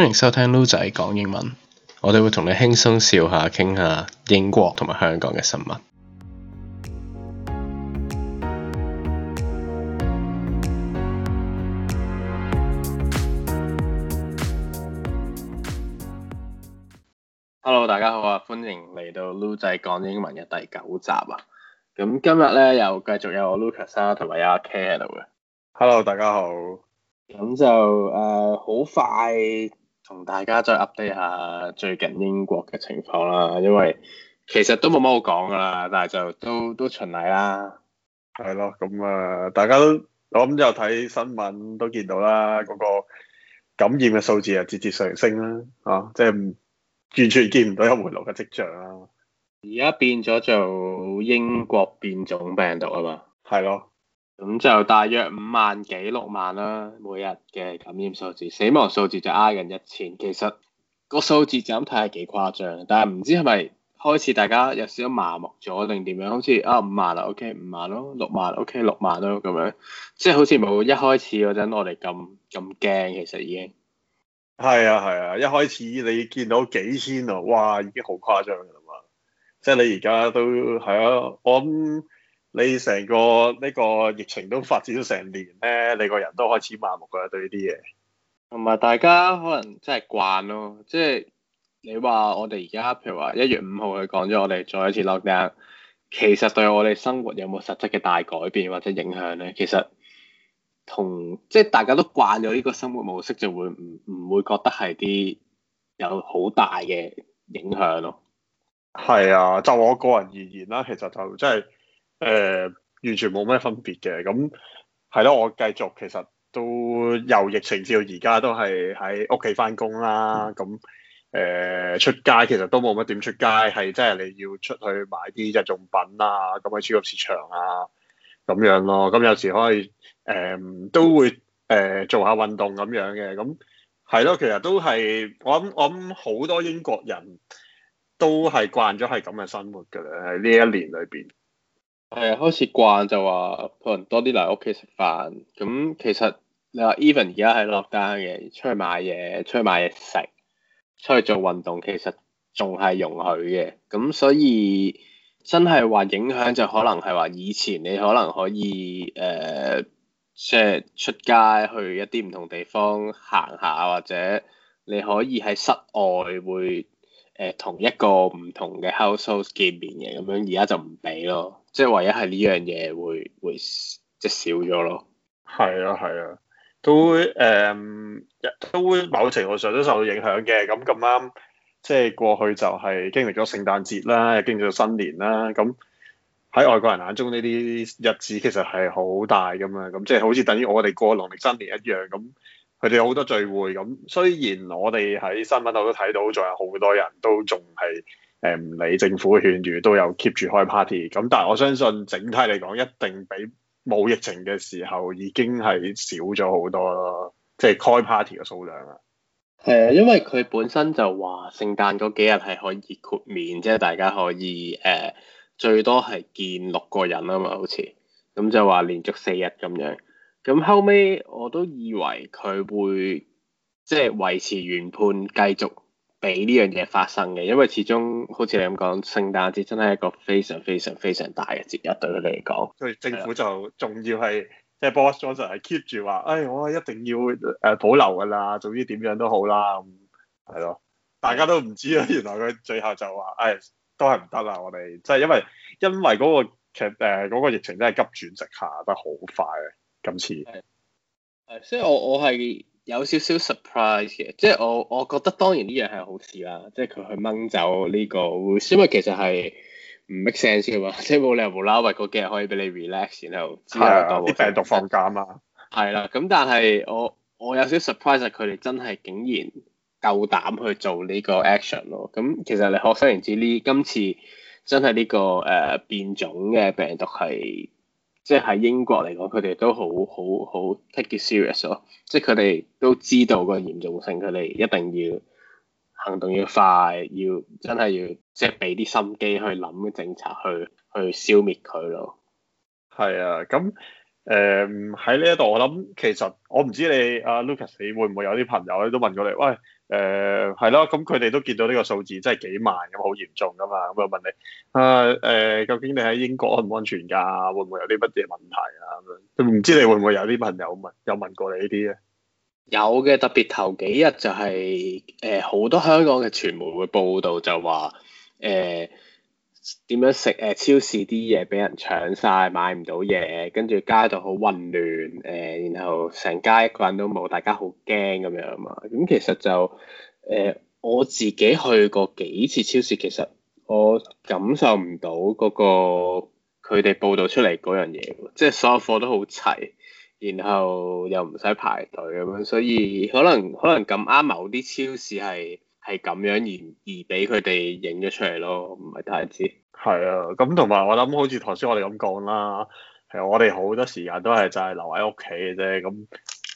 歡迎收聽 Loo 仔講英文，我哋會同你輕鬆笑下，傾下英國同埋香港嘅新聞。Hello，大家好啊！歡迎嚟到 Loo 仔講英文嘅第九集啊！咁今日咧又繼續有我 Lucas 啊，同埋阿 K 喺度嘅。Hello，大家好。咁就誒，好、uh, 快。同大家再 update 下最近英國嘅情況啦，因為其實都冇乜好講㗎喇，但係就都都循例啦，係咯，咁啊，大家都我諗之後睇新聞都見到啦，嗰個感染嘅數字啊節節上升啦，啊，即係完全見唔到有回落嘅跡象啦，而家變咗做英國變種病毒啊嘛，係咯。咁就大約五萬幾六萬啦，每日嘅感染數字，死亡數字就挨近一千。其實個數字就咁睇下幾誇張，但係唔知係咪開始大家有少少麻木咗定點樣？好似啊五萬啦，OK，五萬咯，六萬，OK，六萬咯咁樣，即係好似冇一開始嗰陣我哋咁咁驚，其實已經係啊係啊，一開始你見到幾千啊，哇，已經好誇張㗎啦嘛，即係你而家都係啊，我諗。你成個呢個疫情都發展咗成年咧，你個人都開始麻木噶啦，對呢啲嘢。同埋大家可能真係慣咯，即係你話我哋而家譬如話一月五號佢講咗我哋再一次 lock down，其實對我哋生活有冇實質嘅大改變或者影響咧？其實同即係大家都慣咗呢個生活模式，就會唔唔會覺得係啲有好大嘅影響咯。係啊，就我個人而言啦，其實就即係。誒、呃，完全冇咩分別嘅咁係咯。我繼續其實都由疫情至到而家都係喺屋企返工啦。咁誒、呃、出街其實都冇乜點出街，係即係你要出去買啲日用品啊，咁喺超級市場啊咁樣咯。咁有時可以誒、呃、都會誒、呃、做下運動咁樣嘅。咁係咯，其實都係我諗我諗好多英國人都係慣咗係咁嘅生活㗎啦。喺呢一年裏邊。係啊、嗯，開始慣就話可能多啲嚟屋企食飯咁。其實你話 even 而家係 lockdown 嘅，出去買嘢、出去買嘢食、出去做運動，其實仲係容許嘅。咁所以真係話影響就可能係話以前你可能可以誒，即、呃、係出，出街去一啲唔同地方行下，或者你可以喺室外會誒、呃、同一個唔同嘅 household house 見面嘅咁樣，而家就唔俾咯。即係唯一係呢樣嘢會會即係少咗咯。係啊係啊，都會、呃、都會某程度上都受到影響嘅。咁咁啱，即係過去就係經歷咗聖誕節啦，又經歷咗新年啦。咁喺外國人眼中呢啲日子其實係好大㗎嘛。咁即係好似等於我哋過農曆新年一樣。咁佢哋有好多聚會。咁雖然我哋喺新聞度都睇到，仲有好多人都仲係，誒，唔理政府嘅勸喻，都有 keep 住開 party。咁但係我相信整體嚟講，一定比冇疫情嘅時候已經係少咗好多咯，即係開 party 嘅數量啊。誒，因為佢本身就話聖誕嗰幾日係可以豁免，即係大家可以誒最多係見六個人啊嘛，好似咁就話連續四日咁樣。咁後尾我都以為佢會即係維持原判繼續。俾呢樣嘢發生嘅，因為始終好似你咁講，聖誕節真係一個非常非常非常大嘅節日對佢哋嚟講。所以政府就仲要係即係 Boris Johnson 係 keep 住話，誒、哎、我一定要誒保留㗎啦，總之點樣都好啦，係咯。大家都唔知啊，原來佢最後就話，誒、哎、都係唔得啊，我哋即係因為因為嗰、那個劇誒、呃那個、疫情真係急轉直下得好快咁今次，係，所以我我係。有少少 surprise 嘅，即係我我覺得當然呢樣係好事啦，即係佢去掹走呢個，因為其實係唔 make sense 嘅話，即係冇理由無啦喂，個機可以俾你 relax 然後知道啲病毒放監嘛。係啦，咁但係我我有少少 surprise 係佢哋真係竟然夠膽去做呢個 action 咯。咁其實你可想而知呢，今次真係呢個呃，變種嘅病毒係。即係喺英國嚟講，佢哋都好好好 take it serious 咯。即係佢哋都知道個嚴重性，佢哋一定要行動要快，要真係要即係俾啲心機去諗政策，去去消滅佢咯。係啊，咁誒喺呢一度，我諗其實我唔知你阿、啊、Lucas，你會唔會有啲朋友咧都問過你喂？誒係咯，咁佢哋都見到呢個數字真係幾萬咁，好嚴重噶嘛。咁啊問你啊誒、呃，究竟你喺英國安唔安全㗎？會唔會有啲乜嘢問題啊？咁樣唔知你會唔會有啲朋友問，有問過你呢啲咧？有嘅，特別頭幾日就係、係、誒，好、呃、多香港嘅傳媒會報道就話誒。呃點樣食？誒、呃，超市啲嘢俾人搶晒，買唔到嘢，跟住街度好混亂，誒、呃，然後成街一個人都冇，大家好驚咁樣嘛。咁、嗯、其實就誒、呃，我自己去過幾次超市，其實我感受唔到嗰個佢哋報道出嚟嗰樣嘢喎，即係所有貨都好齊，然後又唔使排隊咁樣，所以可能可能咁啱某啲超市係。係咁樣而而俾佢哋影咗出嚟咯，唔係太知。係啊，咁同埋我諗，好似頭先我哋咁講啦，係我哋好多時間都係就係留喺屋企嘅啫。咁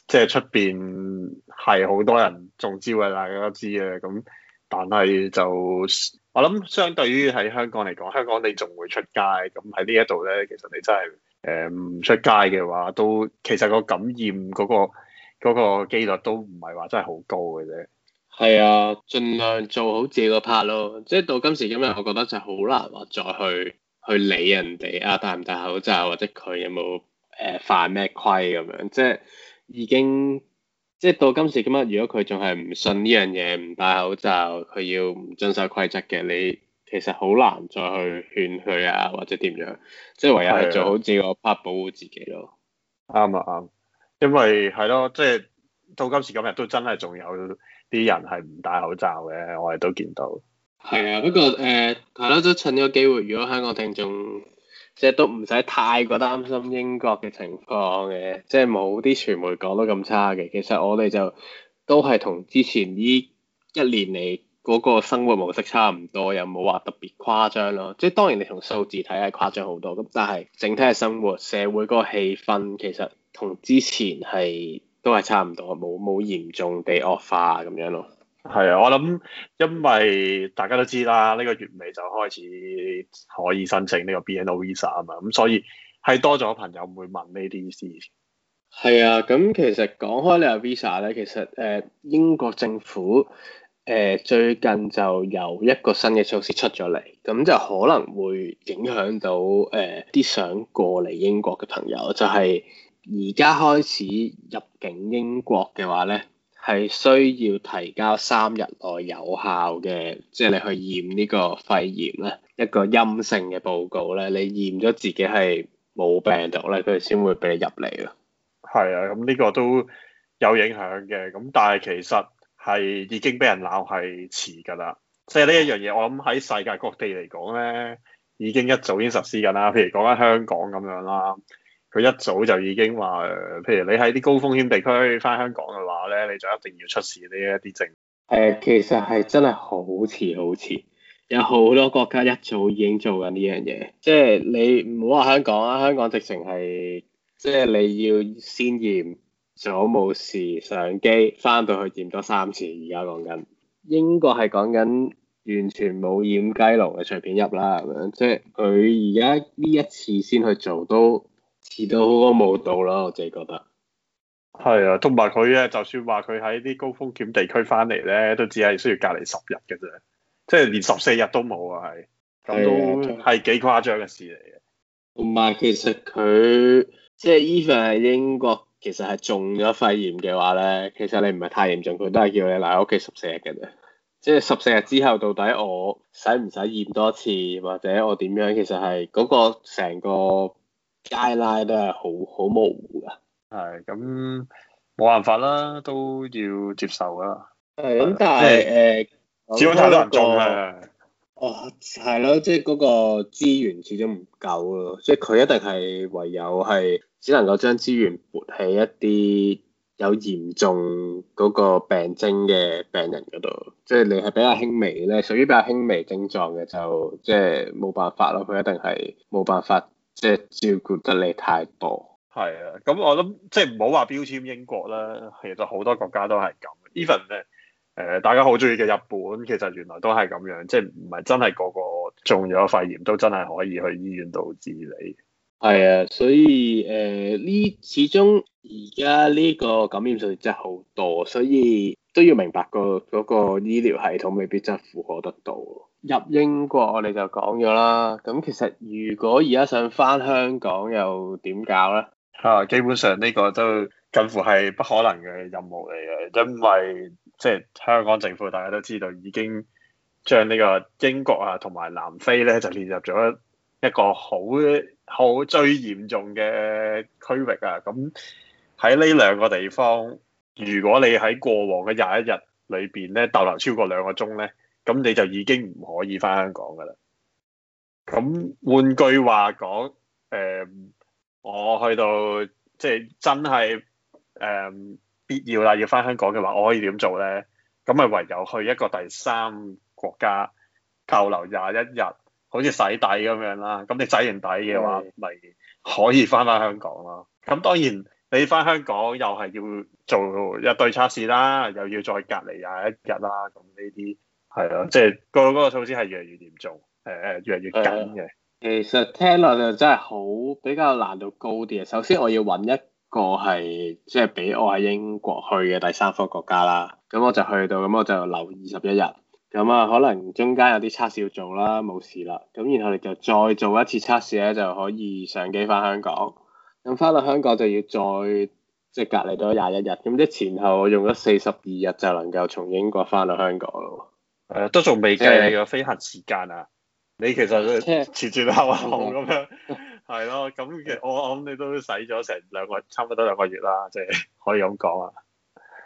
即係出邊係好多人中招嘅，大家都知嘅。咁但係就我諗，相對於喺香港嚟講，香港你仲會出街。咁喺呢一度咧，其實你真係誒唔出街嘅話，都其實個感染嗰個嗰個機率都唔係話真係好高嘅啫。係啊，盡量做好自己個 part 咯。即係到今時今日，我覺得就好難話再去去理人哋啊，戴唔戴口罩或者佢有冇誒、呃、犯咩規咁樣。即係已經即係到今時今日，如果佢仲係唔信呢樣嘢，唔戴口罩，佢要唔遵守規則嘅，你其實好難再去勸佢啊，或者點樣。即係唯有係做好自己個 part，保護自己咯。啱啊啱，因為係咯，即係、就是、到今時今日都真係仲有。啲人係唔戴口罩嘅，我哋都見到。係啊，嗯、不過誒係咯，都、呃、趁呢個機會，如果香港聽眾即係都唔使太過擔心英國嘅情況嘅，即係冇啲傳媒講得咁差嘅。其實我哋就都係同之前呢一年嚟嗰個生活模式差唔多，又冇話特別誇張咯。即係當然你同數字睇係誇張好多，咁但係整體嘅生活社會個氣氛其實同之前係都係差唔多，冇冇嚴重地惡化咁樣咯。係啊，我諗因為大家都知啦，呢、呢個月尾就開始可以申請呢個 BNO visa 啊嘛，咁所以係多咗朋友會問呢啲事。係啊，咁其實講開呢個 visa 咧，其實誒、呃、英國政府誒、呃、最近就有一個新嘅措施出咗嚟，咁就可能會影響到誒啲、呃、想過嚟英國嘅朋友，就係、係。嗯而家開始入境英國嘅話咧，係需要提交三日內有效嘅，即係你去驗呢個肺炎咧，一個陰性嘅報告咧，你驗咗自己係冇病毒咧，佢哋先會俾你入嚟咯。係啊，咁，嗯，呢個都有影響嘅，咁但係其實係已經俾人鬧係遲㗎啦。即係呢一樣嘢，我諗喺世界各地嚟講咧，已經一早已經實施緊啦。譬如講返香港咁樣啦。佢一早就已經話，譬如你喺啲高風險地區翻香港嘅話咧，你就一定要出示呢一啲證。誒，其實係真係好遲好遲，有好多國家一早已經做緊呢樣嘢。即係你唔好話香港啊，香港直情係，即係你要先驗咗冇事上機，翻到去驗多三次。而家講緊英國係講緊完全冇掩雞籠嘅，隨便入啦咁樣。即係佢而家呢一次先去做都。遲到好冇道咯，我自己覺得係啊，同埋佢咧，就算話佢喺啲高風險地區翻嚟咧，都只係需要隔離十日嘅啫，即係連十四日都冇啊，係咁都係幾誇張嘅事嚟嘅。同埋、啊、其實佢即係 even 係英國，其實係中咗肺炎嘅話咧，其實你唔係太嚴重，佢都係叫你留喺屋企十四日嘅啫。即係十四日之後，到底我使唔使驗多次，或者我點樣？其實係嗰個成個。街拉都係好好模糊噶，係咁冇辦法啦，都要接受啦。係咁，但係誒，始終太多人重啦。哦，係咯，即係嗰個資源始終唔夠咯，即係佢一定係唯有係只能夠將資源撥喺一啲有嚴重嗰個病徵嘅病人嗰度。即係你係比較輕微呢，你係屬於比較輕微症狀嘅，就即係冇辦法咯。佢一定係冇辦法。即係照顧得你太多，係啊，咁我諗即係唔好話標籤英國啦，其實好多國家都係咁，even 咧誒，大家好中意嘅日本，其實原來都係咁樣，即係唔係真係個個中咗肺炎都真係可以去醫院度治理。係啊，所以誒呢、呃、始終而家呢個感染數真係好多，所以都要明白、個嗰、個醫療系統未必真係負荷得到。入英國我哋就講咗啦，咁其實如果而家想返香港又點搞咧？啊，基本上呢個都近乎係不可能嘅任務嚟嘅，因為即係、就是、香港政府大家都知道已經將呢個英國啊同埋南非咧就列入咗一個好好最嚴重嘅區域啊。咁喺呢兩個地方，如果你喺過往嘅廿一日裏邊咧逗留超過兩個鐘咧，咁你就已經唔可以翻香港噶啦。咁換句話講，誒、呃，我去到即係真係誒、呃、必要啦，要翻香港嘅話，我可以點做咧？咁咪唯有去一個第三國家逗留廿一日，好似洗底咁樣啦。咁你洗完底嘅話，咪、嗯、可以翻翻香港咯。咁當然你翻香港又係要做一對測試啦，又要再隔離廿一日啦。咁呢啲。係咯、啊，即係個嗰個措施係越嚟越嚴重，誒誒越嚟越緊嘅、啊。其實聽落就真係好比較難度高啲啊！首先我要搵一個係即係俾我喺英國去嘅第三方國家啦，咁我就去到，咁我就留二十一日，咁啊可能中間有啲測試要做啦，冇事啦，咁然後你就再做一次測試咧，就可以上機翻香港。咁翻到香港就要再即係、就是、隔離多廿一日，咁即係前後我用咗四十二日就能夠從英國翻到香港咯。誒、嗯，都仲未計你個飛行時間啊！的你其實前前后後咁樣，係咯的？咁其實我諗你都使咗成兩個，差唔多兩個月啦，即係可以咁講啊。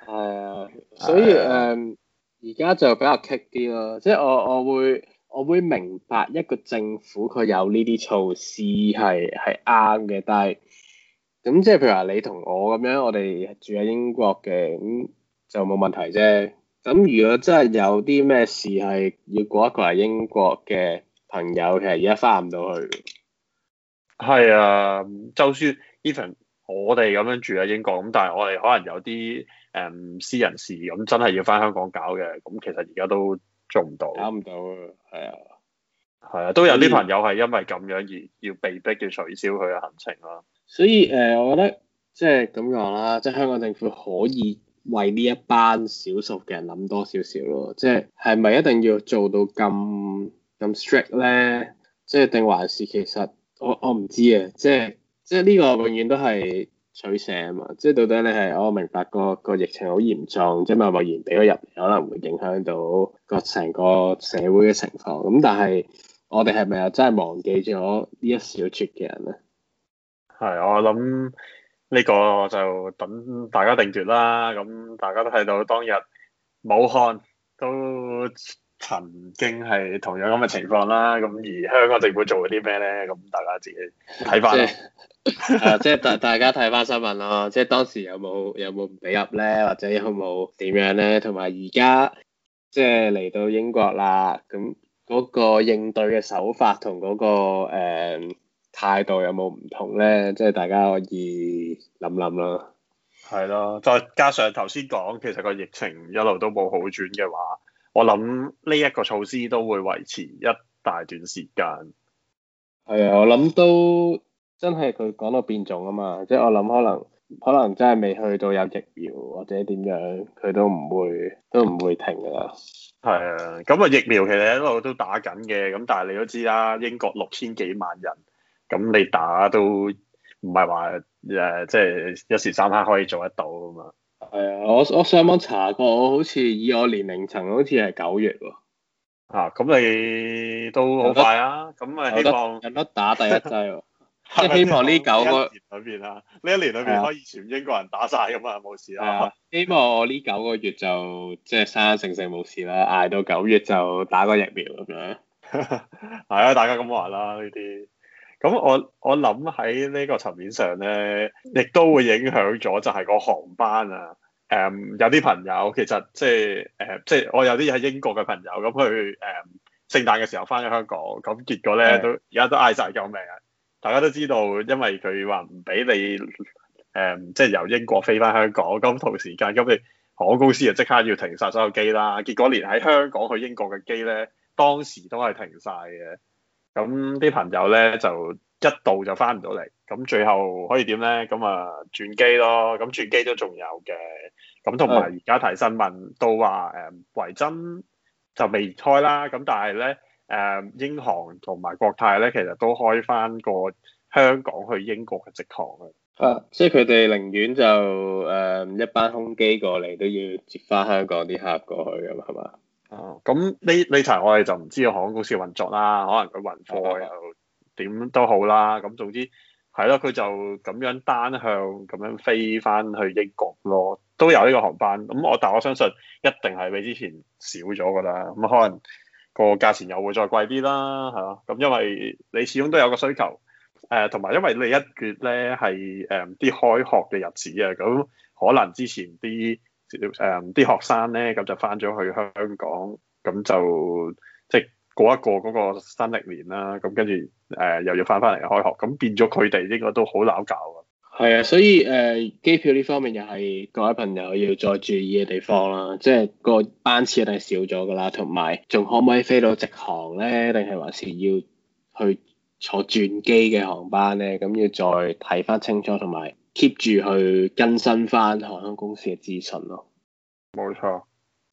係所以誒，而家的、呃、就比較棘啲咯。即係我我會我會明白一個政府佢有呢啲措施係係啱嘅，但係咁即係譬如話你同我咁樣，我哋住喺英國嘅咁就冇問題啫。咁如果真係有啲咩事係要過一個係英國嘅朋友，其實而家翻唔到去了。係啊，就算 even 我哋咁樣住喺英國咁，但係我哋可能有啲誒私人事咁，真係要翻香港搞嘅，咁其實而家都做唔到，搞唔到。係啊，係啊，都有啲朋友係因為咁樣而要被逼要取消佢嘅行程啦。所以誒、呃，我覺得即係咁講啦，即係香港政府可以。為呢一班少數嘅人諗多少少咯，即係係咪一定要做到咁咁 strict 咧？即係定還是其實我我唔知啊，即係即係呢個永遠都係取捨啊嘛！即係到底你係我明白個個疫情好嚴重啫嘛，貿貿然俾咗入嚟可能會影響到個成個社會嘅情況。咁但係我哋係咪又真係忘記咗呢一小撮嘅人咧？係，我諗。呢個我就等大家定奪啦。咁大家都睇到當日武漢都曾經係同樣咁嘅情況啦。咁而香港政府做咗啲咩呢？咁大家自己睇翻即係大、 啊、大家睇翻新聞咯。 即係當時有冇有冇唔俾入呢？或者有冇點樣呢？同埋而家即係嚟到英國啦。咁嗰個應對嘅手法同嗰、嗰個、嗯態度有冇唔同咧？即係大家可以諗諗咯。係咯，再加上頭先講，其實個疫情一路都冇好轉嘅話，我諗呢一個措施都會維持一大段時間。係啊，我諗都真係佢講到變種啊嘛，即係我諗可能可能真係未去到有疫苗或者點樣，佢都唔會都唔會停㗎啦。係啊，咁個疫苗其實一路都打緊嘅，咁但係你都知啦，英國六千幾萬人。咁、嗯、你打都唔係話誒，即係一時三刻可以做得到噶嘛？係啊，我我上網查過，好似以我年齡層，好似係九月喎。嗱，咁你都好快啊？咁咪希望有得，有得打第一劑，啊，即係 希望呢九個月裏邊啊，呢一年裏邊可以全英國人打晒咁啊，冇事啊。希望呢九個月就即係、就是、生生性性冇事啦，挨到九月就打個疫苗咁樣。係啊， 啊，大家咁話啦，呢啲。咁我我諗喺呢個層面上咧，亦都會影響咗，就係個航班啊。誒、嗯，有啲朋友其實即係誒，即、呃、係、就是、我有啲喺英國嘅朋友去，咁佢誒聖誕嘅時候翻咗香港，咁結果咧都而家都嗌晒救命啊！大家都知道，因為佢話唔俾你誒，即、嗯、係、就是、由英國飛翻香港咁同時間，咁你航空公司就即刻要停晒所有機啦。結果連喺香港去英國嘅機咧，當時都係停晒嘅。咁啲朋友咧就一度就翻唔到嚟，咁最後可以點咧？咁啊轉機咯，咁轉機都仲有嘅。咁同埋而家睇新聞、啊、都話，誒維珍就未開啦，咁但係咧，誒、嗯、英航同埋國泰咧，其實都開翻個香港去英國嘅直航啊。啊，即係佢哋寧願就誒一班空機過嚟，都要接翻香港啲客過去㗎嘛，係嘛？哦，咁呢呢層我哋就唔知個航空公司嘅運作啦，可能佢運貨又點都好啦，咁的總之係咯，佢就咁樣單向咁樣飛翻去英國咯，都有呢個航班。咁我但我相信一定係比之前少咗噶啦，咁可能個價錢又會再貴啲啦，係啊。咁、嗯、因為你始終都有個需求，誒、呃，同埋因為你一月咧係誒啲開學嘅日子啊，咁可能之前啲。誒啲、嗯、學生咧，咁就翻咗去香港，咁就即係、就是、過一過嗰個新歷年啦。咁跟住誒又要翻翻嚟開學，咁變咗佢哋應該都好攪搞啊。係啊，所以誒、呃、機票呢方面又係各位朋友要再注意嘅地方啦。即係個班次一定係少咗噶啦，同埋仲可唔可以飛到直航咧？定係還是，是要去坐轉機嘅航班咧？咁要再睇翻清楚，同埋。keep 住去更新翻航空公司嘅資訊咯，冇錯。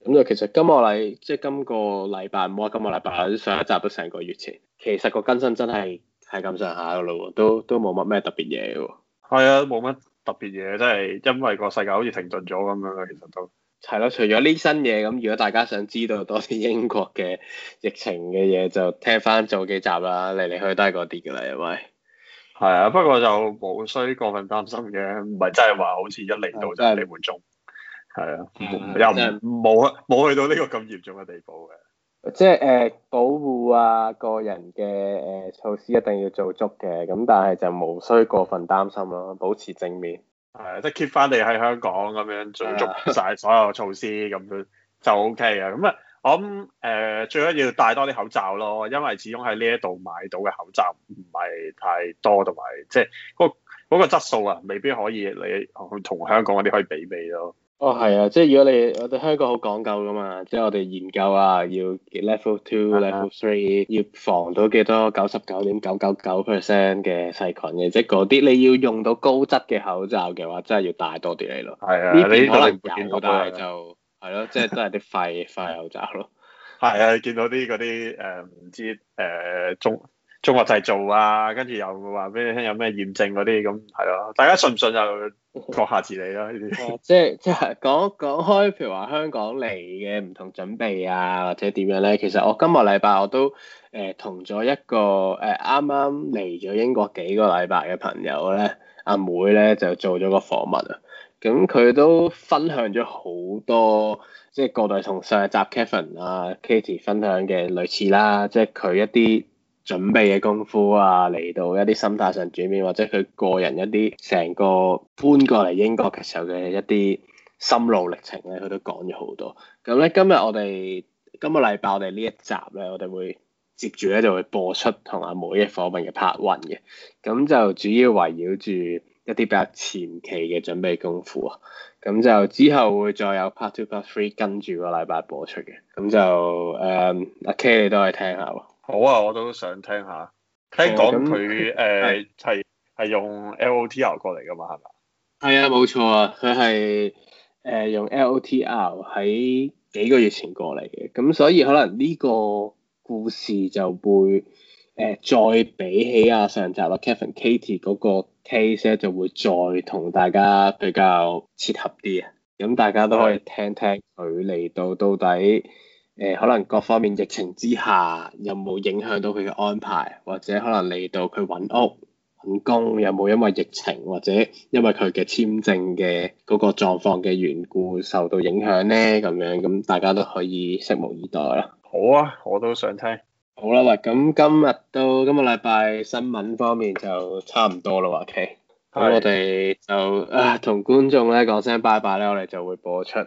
咁就其實今個禮，即係今個禮拜，唔好話今個禮拜，上一集都成個月前，其實個更新真係係咁上下噶咯喎，都都冇乜咩特別嘢喎。係啊，冇乜特別嘢，真係因為個世界好似停頓咗咁樣啊，其實都係咯、啊。除咗呢新嘢，咁如果大家想知道多啲英國嘅疫情嘅嘢，就聽翻早幾集啦，嚟嚟去去都係嗰啲㗎啦，因為。係啊，不過就冇需過分擔心嘅，唔係真係話好似一嚟到就係你會中，係啊，嗯、又唔冇冇去到呢個咁嚴重嘅地步嘅。即係誒保護啊個人嘅誒、呃、措施一定要做足嘅，咁但係就無需過分擔心咯、啊，保持正面。係啊，即係 keep 翻你喺香港咁樣做足晒 所有措施咁樣就 O K 嘅。咁啊。咁誒、呃，最緊要，要戴多啲口罩咯，因為始終喺呢一度買到嘅口罩唔係太多，同埋即係嗰嗰個質素啊，未必可以你去同香港嗰啲可以比比咯。哦，係啊，即係如果你我哋香港好講究噶嘛，即係我哋研究啊，要 Le 2, 啊 level two、level three，要防到幾多九十九點九九九 percent 嘅細菌嘅，即係嗰啲你要用到高質嘅口罩嘅話，真係要戴多啲嚟咯。係啊，呢邊可能有，見但就。係咯，即係都係啲廢廢口罩咯。係啊，見到啲嗰啲誒唔知誒、呃、中中國製造啊，跟住又會話俾你聽有咩驗證嗰啲咁，係咯、啊，大家信唔信又、啊、各下自理啦、啊。哦、 啊，即係即係講講開，譬如話香港嚟嘅唔同準備啊，或者點樣咧？其實我今個禮拜我都誒同咗一個誒啱啱嚟咗英國幾個禮拜嘅朋友咧，阿妹咧就做咗個訪問啊。咁佢都分享咗好多，即係個度同上一集 Kevin 啊、Katie 分享嘅類似啦，即係佢一啲準備嘅功夫啊，嚟到一啲心態上轉變，或者佢個人一啲成個搬過嚟英國嘅時候嘅一啲心路歷程咧，佢都講咗好多。咁咧今日我哋今個禮拜我哋呢一集咧，我哋會接住咧就會播出同埋每一訪問嘅 part one 嘅，咁就主要圍繞住。一啲比較前期嘅準備功夫啊，咁就之後會再有 part two part three 跟住個禮拜播出嘅，咁就誒阿、um, K 你都係聽下喎。好啊，我都想聽下。聽講佢誒係係用 LOTR 過嚟噶嘛，係咪？係啊，冇錯啊，佢係誒用 LOTR 喺幾個月前過嚟嘅，咁所以可能呢個故事就會。誒再比起啊上集啊，Kevin、Kitty 嗰個 case 咧，就會再同大家比較切合啲啊，咁大家都可以聽聽佢嚟到到底誒、呃、可能各方面疫情之下有冇影響到佢嘅安排，或者可能嚟到佢揾屋揾工有冇因為疫情或者因為佢嘅簽證嘅嗰個狀況嘅緣故受到影響咧？咁樣咁大家都可以拭目以待啦。好啊，我都想聽。好啦，喂！咁今日到今個禮拜新聞方面就差唔多啦，喎 K 的。咁我哋就啊同觀眾咧講聲拜拜咧，我哋就會播出誒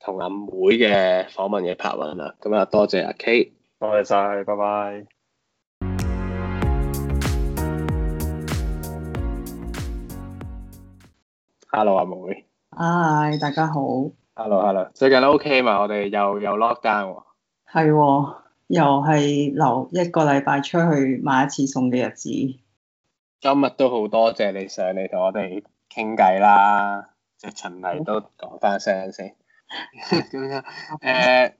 同阿妹嘅訪問嘅拍文啦。咁啊多謝阿 K，多謝晒，拜拜。Hello，阿妹。Hi，大家好。Hello，Hello，hello. 最近都 OK 嘛？我哋又有 lock down 喎。係。又係留一個禮拜出去買一次餸嘅日子。今日都好多謝你上嚟同我哋傾偈啦，即係循例都講返聲先。咁樣誒，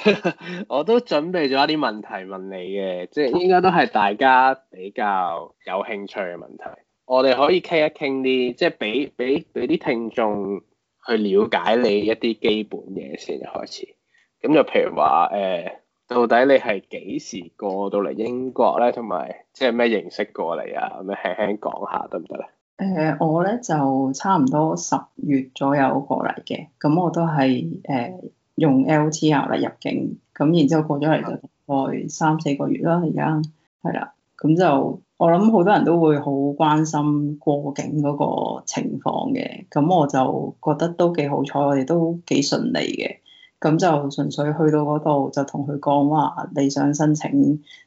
我都準備咗一啲問題問你嘅，即係應該都係大家比較有興趣嘅問題。我哋可以傾一傾啲，即係俾俾俾啲聽眾去了解你一啲基本嘢先開始。咁就譬如話誒。嗯到底你係幾時過到嚟英國咧？同埋即係咩形式過嚟啊？咁樣輕輕講下得唔得咧？誒、呃，我咧就差唔多十月左右過嚟嘅，咁我都係誒、呃、用 LTR 嚟入境，咁然之後過咗嚟就大概三四個月啦。而家係啦，咁就我諗好多人都會好關心過境嗰個情況嘅，咁我就覺得都幾好彩，我哋都幾順利嘅。咁就純粹去到嗰度就同佢講話，你想申請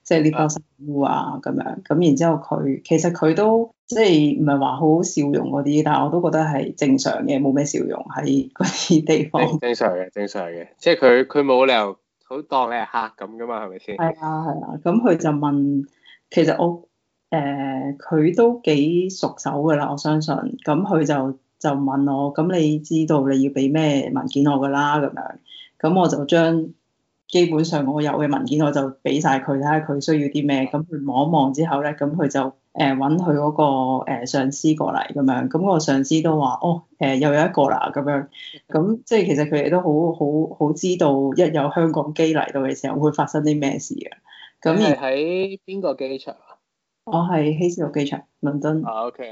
即係呢包衫褲啊咁樣。咁然之後佢其實佢都即係唔係話好笑容嗰啲，但係我都覺得係正常嘅，冇咩笑容喺嗰啲地方。正常嘅，正常嘅，即係佢佢冇理由好當你係客咁噶嘛，係咪先？係啊係啊，咁佢、啊、就問，其實我誒佢、欸、都幾熟手㗎啦，我相信。咁佢就就問我，咁你知道你要俾咩文件我㗎啦咁樣。咁我就將基本上我有嘅文件，我就俾晒佢睇下佢需要啲咩。咁佢望一望之後咧，咁佢就誒揾佢嗰個、欸、上司過嚟咁樣。咁、個上司都話：哦，誒、欸、又有一個啦咁樣。咁即係其實佢哋都好好好知道，一有香港機嚟到嘅時候會發生啲咩事嘅。咁而喺邊個機場啊？我係希斯路機場，倫敦。啊，OK，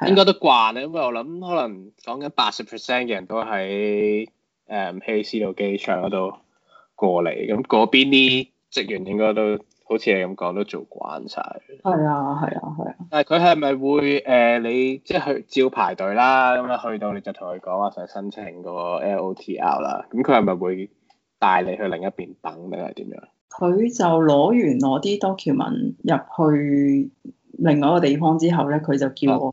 的應該都慣啊，因為我諗可能講緊八十 percent 嘅人都喺。誒，希斯路機場嗰度過嚟，咁嗰邊啲職員應該都好似你咁講，都做慣晒。係啊，係啊，係、啊。但係佢係咪會誒、呃？你即係照排隊啦，咁樣去到你就同佢講話想申請個 LOTR 啦。咁佢係咪會帶你去另一邊等咧，定係點樣？佢就攞完攞啲 document 入去另外一個地方之後咧，佢就叫我，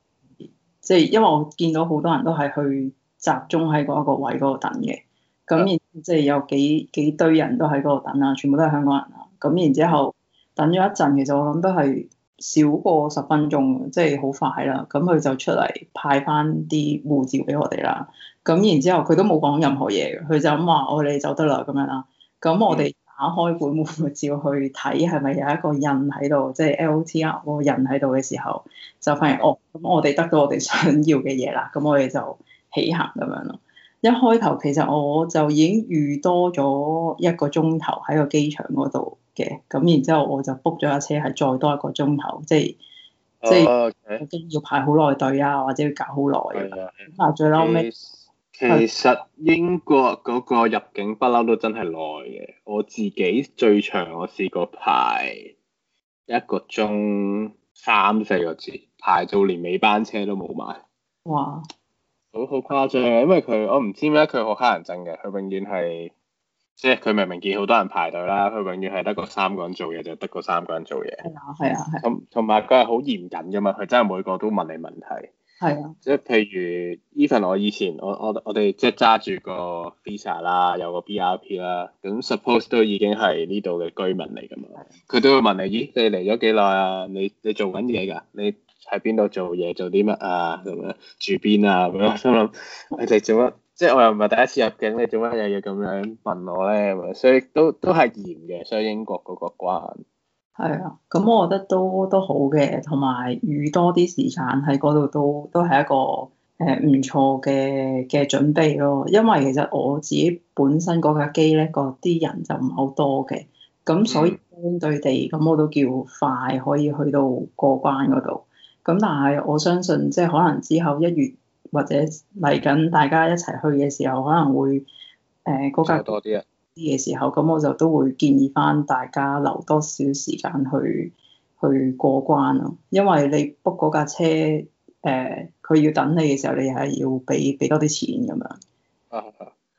即係、啊、因為我見到好多人都係去集中喺嗰個位嗰度等嘅。咁然即係有幾幾堆人都喺嗰度等啦，全部都係香港人啦。咁然之後等咗一陣，其實我諗都係少過十分鐘，即係好快啦。咁佢就出嚟派翻啲護照俾我哋啦。咁然之後佢都冇講任何嘢，佢就咁話我哋走得啦咁樣啦。咁我哋打開本護照去睇係咪有一個印喺度，即係 L O T R 嗰個印喺度嘅時候，就發現哦，咁我哋得到我哋想要嘅嘢啦。咁我哋就起行咁樣咯。一開頭其實我就已經預多咗一個鐘頭喺個機場嗰度嘅，咁然之後我就 book 咗架車係再多一個鐘頭，即係即係要排好耐隊啊，或者要搞好耐啊。Oh, okay. 最嬲尾，其實英國嗰個入境不嬲都真係耐嘅，我自己最長我試過排一個鐘三四個字，排到連尾班車都冇埋。哇！好好誇張啊！因為佢，我唔知咩，佢好黑人憎嘅。佢永遠係即係佢明明見好多人排隊啦，佢永遠係得個三個人做嘢，就得個三個人做嘢。係啊，係啊，係。咁同埋佢係好嚴謹噶嘛，佢真係每個都問你問題。係啊。即係譬如，even 我以前我我我哋即係揸住個 visa 啦，有個 BRP 啦，咁 suppose 都已經係呢度嘅居民嚟噶嘛。係。佢都會問你：咦，你嚟咗幾耐啊？你你做緊嘢㗎？你？喺邊度做嘢，做啲乜啊？咁樣住邊啊？咁樣心諗你哋做乜？即係我又唔係第一次入境，你做乜又要咁樣問我咧？所以都都係嚴嘅，所以英國嗰個關係啊。咁我覺得都都好嘅，同埋預多啲時間喺嗰度都都係一個誒唔、呃、錯嘅嘅準備咯。因為其實我自己本身嗰架機咧，嗰啲人就唔係好多嘅，咁所以相對地咁、嗯、我都叫快可以去到過關嗰度。咁但係我相信，即係可能之後一月或者嚟緊大家一齊去嘅時候，可能會誒嗰架多啲啊嘅時候，咁我就都會建議翻大家留多少時間去去過關咯，因為你 book 嗰架車誒，佢、呃、要等你嘅時候，你係要俾俾多啲錢咁樣。啊，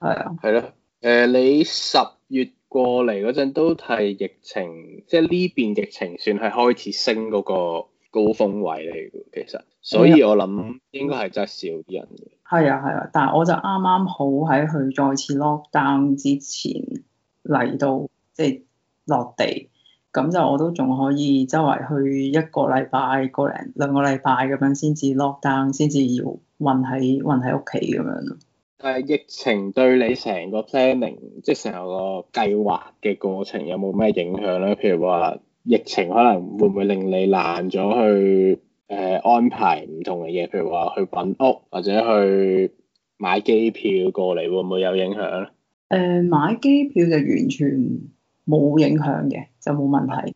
係啊的，係咯。誒、呃，你十月過嚟嗰陣都係疫情，即係呢邊疫情算係開始升嗰、嗰個高峰位嚟嘅，其實，所以我諗應該係真係少啲人嘅。係啊係啊，但係我就啱啱好喺佢再次 lock down 之前嚟到，即係落地，咁就我都仲可以周圍去一個禮拜、個零兩個禮拜咁樣，先至 lock down，先至要困喺困喺屋企咁樣。但係，疫情對你成個 planning，即係成個計劃嘅過程有冇咩影響咧？譬如話。疫情可能會唔會令你難咗去誒、呃、安排唔同嘅嘢，譬如話去搵屋或者去買機票過嚟會唔會有影響？誒、呃，買機票就完全冇影響嘅，就冇問題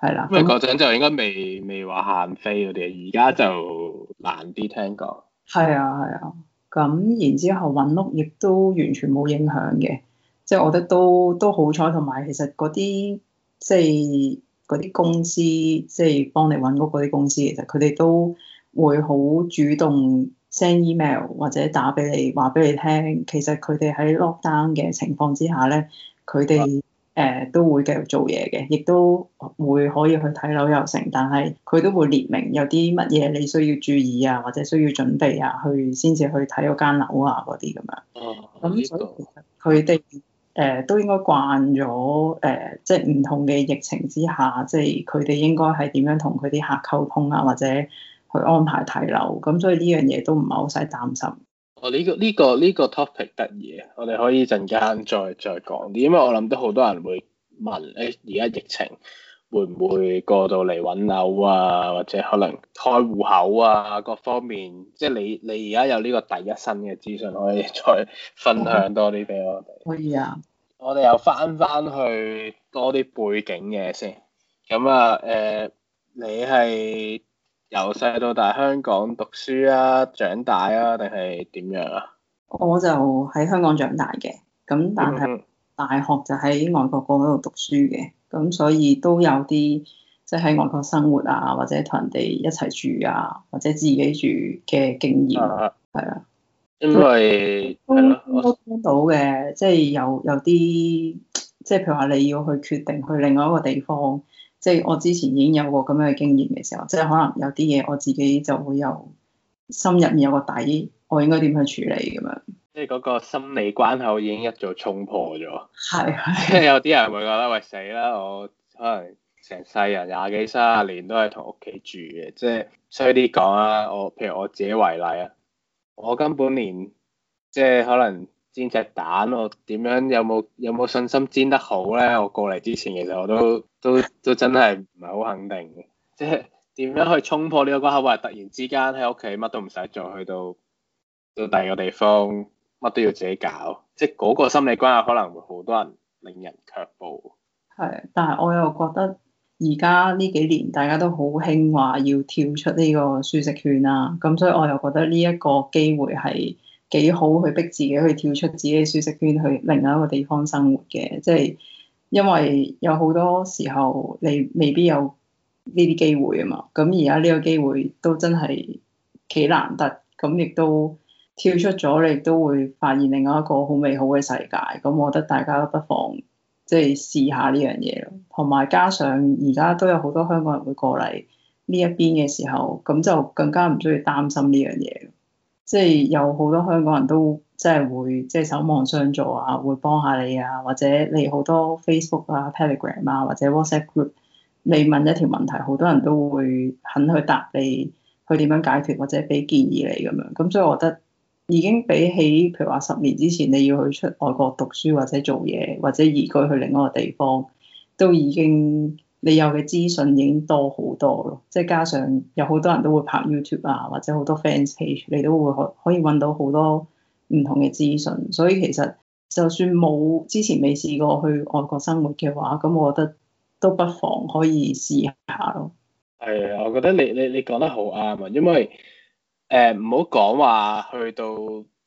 係啦。咁嗰陣就應該未未話限飛嗰啲，而家就難啲，聽講。係啊係啊，咁、啊、然之後搵屋亦都完全冇影響嘅，即、就、係、是、我覺得都都好彩，同埋其實嗰啲即係。就是嗰啲公司即係、就是、幫你揾屋嗰啲公司，其實佢哋都會好主動 send email 或者打俾你話俾你聽。其實佢哋喺 lock down 嘅情況之下咧，佢哋誒都會繼續做嘢嘅，亦都會可以去睇樓又成。但係佢都會列明有啲乜嘢你需要注意啊，或者需要準備啊，去先至去睇嗰間樓啊嗰啲咁樣。咁、嗯、所以其實佢哋。誒都應該慣咗，誒、呃、即係唔同嘅疫情之下，即係佢哋應該係點樣同佢啲客溝通啊，或者去安排睇樓，咁所以呢樣嘢都唔係好使擔心。哦、呢個，呢、呢個呢個呢個 topic 得意，我哋可以陣間再再講啲，因為我諗都好多人會問，誒而家疫情。會唔會過到嚟揾樓啊？或者可能開戶口啊？各方面，即係你你而家有呢個第一身嘅資訊，可以再分享多啲俾我哋。可以啊！我哋又翻翻去多啲背景嘅先。咁啊，誒、呃，你係由細到大香港讀書啊，長大啊，定係點樣啊？我就喺香港長大嘅，咁但係大學就喺外國嗰度讀書嘅。咁所以都有啲即係喺外國生活啊，或者同人哋一齊住啊，或者自己住嘅經驗，係啊，啊因為都、啊、都聽到嘅，即係有有啲即係譬如話你要去決定去另外一個地方，即係我之前已經有過咁樣嘅經驗嘅時候，即係可能有啲嘢我自己就會有心入面有個底，我應該點去處理咁樣。即係嗰個心理關口已經一早衝破咗，係的，即係 有啲人會覺得喂，死啦，我可能成世人廿幾三十年都係同屋企住嘅，即係衰啲講啊，我譬如我自己為例啊，我根本連即係可能煎隻蛋，我點樣有冇有冇信心煎得好咧？我過嚟之前其實我都 都都，都真係唔係好肯定嘅，即係點樣去衝破呢個關口？或者突然之間喺屋企乜都唔使做，去到到，到第二個地方。乜都要自己搞，即係嗰個心理關係可能會好多人令人卻步。係，但係我又覺得而家呢幾年大家都好興話要跳出呢個舒適圈啦，啊，咁所以我又覺得呢一個機會係幾好去逼自己去跳出自己舒適圈去另一個地方生活嘅，即係因為有好多時候你未必有呢啲機會啊嘛，咁而家呢個機會都真係幾難得，咁亦都。跳出咗，你亦都會發現另外一個好美好嘅世界。咁我覺得大家都不妨即係試下呢樣嘢咯。同埋加上而家都有好多香港人會過嚟,呢一邊嘅時候，咁就更加唔需要擔心呢樣嘢。即係有好多香港人都即係會即係守望相助啊，會幫下你啊，或者你好多 Facebook 啊、Telegram 啊或者 WhatsApp group，你問一條問題，好多人都會肯去答你，去點樣解決或者俾建議你咁樣。咁所以我覺得。已經比起譬如話十年之前，你要去出外國讀書或者做嘢，或者移居去另外一個地方，都已經你有嘅資訊已經多好多咯。即係加上有好多人都會拍 YouTube 啊，或者好多 fans page，你都會可可以搵到好多唔同嘅資訊。所以其實就算冇之前未試過去外國生活嘅話，咁我覺得都不妨可以試下咯。係啊，我覺得你你你講得好啱啊，因為。誒唔好講話去到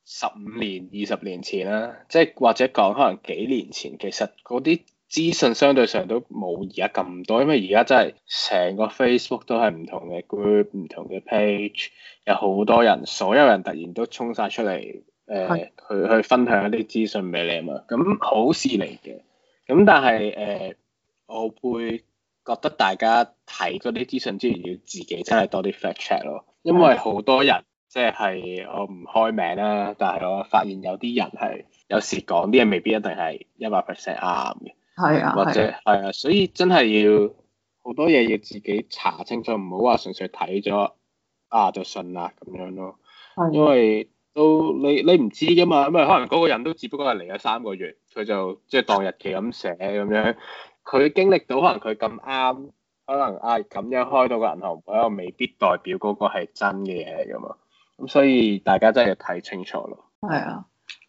十五年、二十年前啦，即係或者講可能幾年前，其實嗰啲資訊相對上都冇而家咁多，因為而家真係成個 Facebook 都係唔同嘅 group、唔同嘅 page，有好多人，所有人突然都衝晒出嚟，誒、呃、是的 去去分享一啲資訊俾你啊嘛，咁好事嚟嘅，咁但係誒、呃、我會覺得大家睇嗰啲資訊之前要自己真係多啲 fact check 咯。因為好多人即係、就是、我唔開名啦，但係我發現有啲人係有時講啲嘢未必一定係一百 percent 啱嘅，係啊，的或者係啊的，所以真係要好多嘢要自己查清楚，唔好話純粹睇咗啊就信啦咁樣咯。的因為都你你唔知噶嘛，咁啊可能嗰個人都只不過係嚟咗三個月，佢就即係、就是、當日期咁寫咁樣，佢經歷到可能佢咁啱。可能嗌咁樣開到個銀行，我又未必代表嗰個係真嘅嘢咁啊，咁所以大家真係要睇清楚咯。係啊，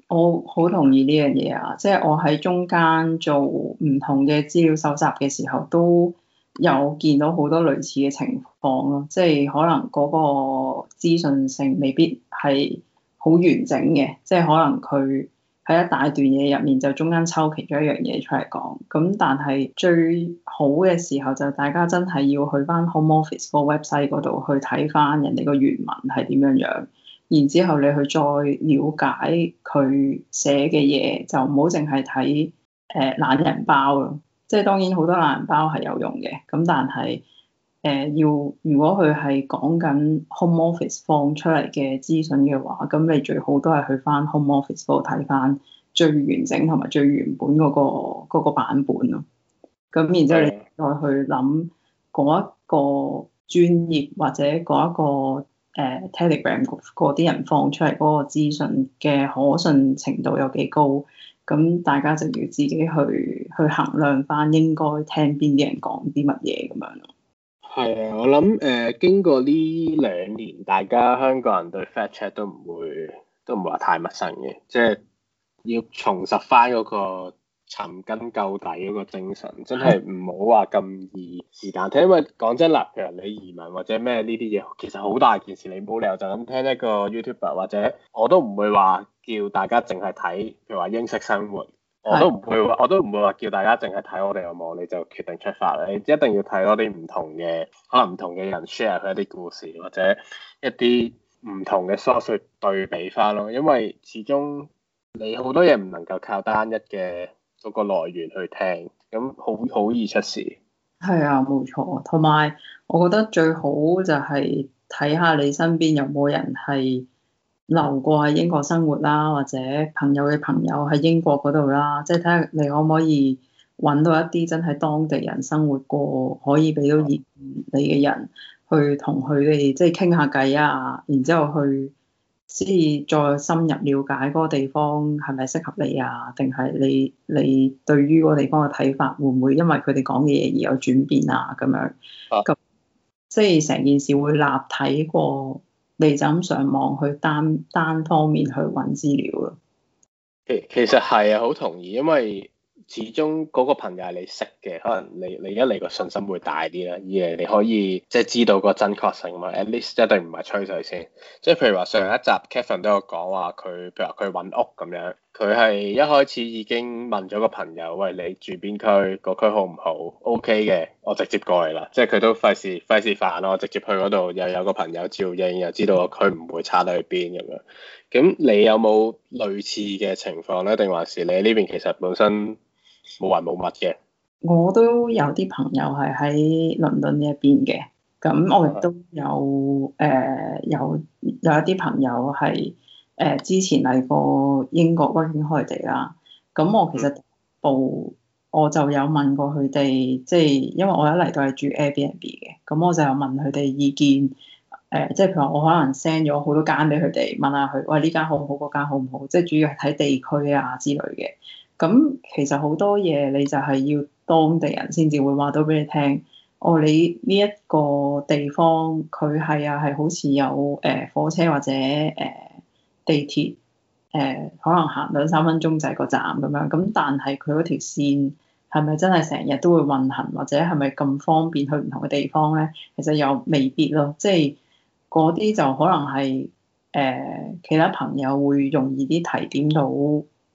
我好同意呢樣嘢啊，即係我喺中間做唔同嘅資料搜集嘅時候，都有見到好多類似嘅情況咯。即係可能嗰個資訊性未必係好完整嘅，即係可能佢。喺一大段嘢入面就中間抽其中一樣嘢出嚟講，咁但係最好嘅時候就大家真係要去翻 Home Office 個 website 嗰度去睇翻人哋個原文係點樣樣，然之後你去再了解佢寫嘅嘢，就唔好淨係睇誒懶人包咯。即係當然好多懶人包係有用嘅，咁但係。誒要，如果佢係講緊 home office 放出嚟嘅資訊嘅話，咁你最好都係去翻 home office 度睇翻最完整同埋最原本嗰個嗰個版本咯。咁然之後你再去諗嗰一個專業或者嗰一個誒 telegram 嗰啲人放出嚟嗰個資訊嘅可信程度有幾高？咁大家就要自己去去衡量翻應該聽邊啲人講啲乜嘢咁樣咯。係啊，我諗誒、呃，經過呢兩年，大家香港人對 fact check 都唔會都唔會話太陌生嘅，即係要重拾翻嗰個尋根究底嗰個精神，真係唔好話咁易時間聽，因為講真啦，譬如你移民或者咩呢啲嘢，其實好大件事，你冇理由就咁聽一個 YouTuber 或者我都唔會話叫大家淨係睇，譬如話英式生活。我都唔會話，我都唔會話叫大家淨係睇我哋個網你就決定出發。你一定要睇多啲唔同嘅，可能唔同嘅人 share 佢一啲故事，或者一啲唔同嘅 source 對比翻咯。因為始終你好多嘢唔能夠靠單一嘅嗰個來源去聽，咁好好易出事。係啊，冇錯。同埋我覺得最好就係睇下你身邊有冇人係。留過喺英國生活啦，或者朋友嘅朋友喺英國嗰度啦，即係睇下你可唔可以揾到一啲真係當地人生活過，可以俾到意見你嘅人，去同佢哋即係傾下偈啊，然之後去先至再深入了解嗰個地方係咪適合你啊？定係你你對於個地方嘅睇法會唔會因為佢哋講嘅嘢而有轉變啊？咁樣咁即係成件事會立體過。你就咁上網去單單方面去揾資料咯。其其實係啊，好同意，因為。始終嗰個朋友係你識嘅，可能你你一嚟個信心會大啲啦，二嚟你可以即係知道個真確性嘛，at least 一定唔係吹水先。即係譬如話上一集 Kevin 都有講話佢，譬如話佢揾屋咁樣，佢係一開始已經問咗個朋友，喂你住邊區，個區好唔好？OK 嘅，我直接過嚟啦。即係佢都費事費事煩咯，我直接去嗰度又有個朋友照應，又知道個區唔會差到去邊咁樣。咁你有冇類似嘅情況呢？定還是你呢邊其實本身？冇話冇乜嘅，我都有啲朋友係喺倫敦呢一邊嘅，咁我亦都有誒、呃、有有一啲朋友係誒、呃、之前嚟過英國 working holiday 啦，咁我其實部我就有問過佢哋，即、就、係、是、因為我一嚟到係住 Airbnb 嘅，咁我就有問佢哋意見，誒、呃、即係譬如話我可能 send 咗好多間俾佢哋問下佢，喂呢間好唔好？嗰間好唔好？即係主要係睇地區啊之類嘅。咁其實好多嘢你就係要當地人先至會話到俾你聽。哦，你呢一個地方佢係啊，係好似有誒、呃、火車或者誒、呃、地鐵誒、呃，可能行兩三分鐘就係個站咁樣。咁但係佢嗰條線係咪真係成日都會運行，或者係咪咁方便去唔同嘅地方咧？其實又未必咯，即係嗰啲就可能係誒、呃、其他朋友會容易啲提點到。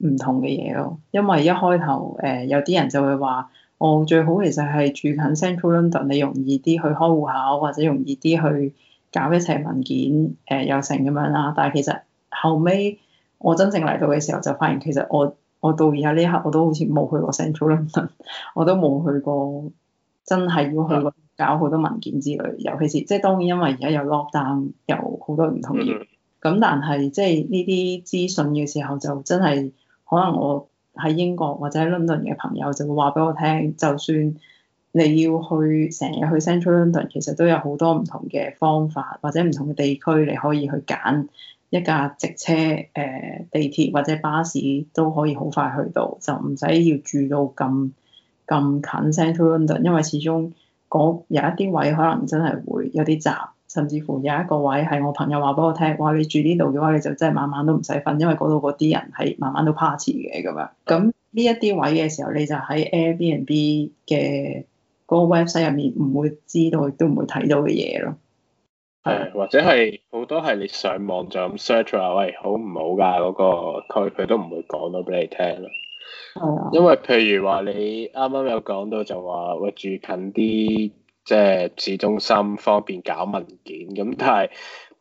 唔同嘅嘢咯，因為一開頭誒、呃、有啲人就會話我、哦、最好其實係住近 Central London，你容易啲去開戶口或者容易啲去搞一齊文件誒有成咁樣啦。但係其實後尾我真正嚟到嘅時候就發現其實我我到而家呢一刻我都好似冇去過 Central London， 我都冇去過真係要去搞好多文件之類，尤其是即係當然因為而家有 lockdown 有好多唔同嘅嘢，咁但係即係呢啲資訊嘅時候就真係。可能我喺英國或者喺倫敦嘅朋友就會話俾我聽，就算你要去成日去 Central London，其實都有好多唔同嘅方法或者唔同嘅地區你可以去揀一架直車、誒地鐵或者巴士都可以好快去到，就唔使要住到咁咁近 Central London，因為始終嗰有一啲位可能真係會有啲雜。甚至乎有一個位係我朋友話俾我聽，哇！你住呢度嘅話，你就真係晚晚都唔使瞓，因為嗰度嗰啲人係晚晚都 party 嘅咁樣。咁呢一啲位嘅時候，你就喺 Airbnb 嘅嗰個 website 入面唔會知道，亦都唔會睇到嘅嘢咯。係，或者係好多係你上網就咁 search 出嚟，喂，好唔好㗎？嗰個區佢都唔會講到俾你聽咯。係啊。因為譬如話你啱啱有講到就話，喂，住近啲。即係市中心，方便搞文件咁，但係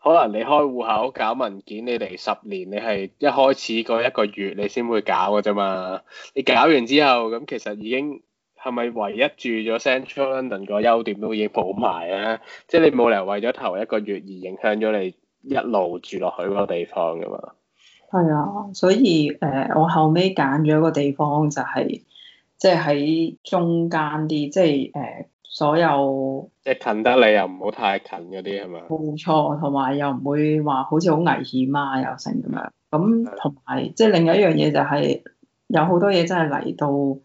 可能你開戶口搞文件，你嚟十年，你係一開始嗰一個月你先會搞嘅啫嘛。你搞完之後，咁其實已經係咪唯一住咗 Central London 個優點都已經補埋咧？即、就、係、是、你冇理由為咗頭一個月而影響咗你一路住落去個地方噶嘛？係啊，所以誒、呃，我後尾揀咗一個地方就係、是，即係喺中間啲，即係誒。呃所有即係近得嚟又唔好太近嗰啲係咪？冇錯，同埋又唔會話好似好危險啊，又成咁樣。咁同埋即係另一樣嘢就係有好多嘢真係嚟到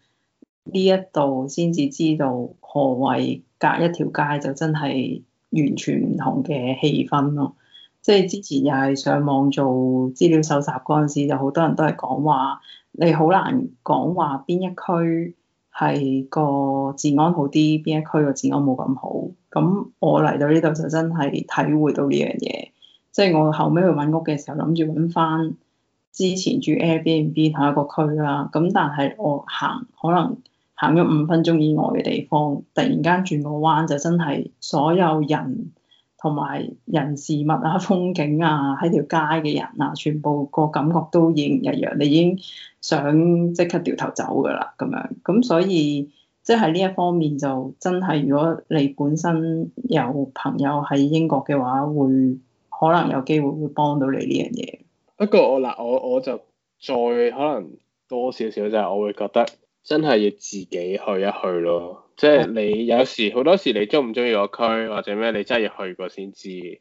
呢一度先至知道何謂隔一條街就真係完全唔同嘅氣氛咯。即係之前又係上網做資料搜集嗰陣時，就好多人都係講話你好難講話邊一區。係個治安好啲，邊一區個治安冇咁好？咁我嚟到呢度就真係體會到呢樣嘢，即係我後尾去揾屋嘅時候，諗住揾翻之前住 Airbnb 同一個區啦。咁但係我行可能行咗五分鐘以外嘅地方，突然間轉個彎就真係所有人。同埋人事物啊、風景啊、喺條街嘅人啊，全部個感覺都已經一樣，你已經想即刻掉頭走噶啦咁樣。咁所以即係呢一方面就真係，如果你本身有朋友喺英國嘅話，會可能有機會會幫到你呢樣嘢。不過我嗱，我我就再可能多少少就係我會覺得真係要自己去一去咯。即係你有時好多時你中唔中意個區或者咩，你真係要去過先知。的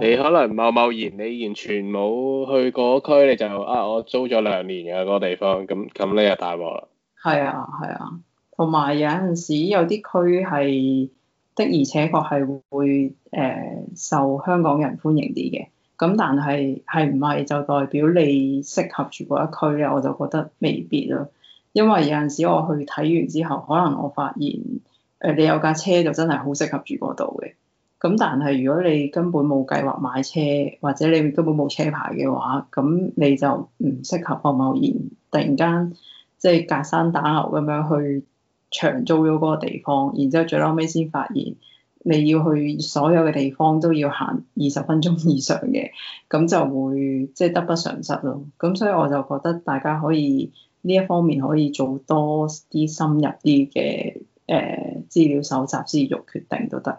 你可能貿貿然你完全冇去過嗰區，你就啊我租咗兩年嘅嗰、那個地方，咁咁你又大鑊啦。係啊係啊，同埋有陣時有啲區係的而且確係會誒、呃、受香港人歡迎啲嘅。咁但係係唔係就代表你適合住嗰一區咧？我就覺得未必囉。因為有陣時我去睇完之後，可能我發現誒、呃、你有架車就真係好適合住嗰度嘅。咁但係如果你根本冇計劃買車，或者你根本冇車牌嘅話，咁你就唔適合咁貿然突然間即係、就是、隔山打牛咁樣去長租咗嗰個地方，然之後最後尾先發現你要去所有嘅地方都要行二十分鐘以上嘅，咁就會即係、就是、得不償失咯。咁所以我就覺得大家可以。呢一方面可以做多啲深入啲嘅誒資料搜集先，再做決定都得。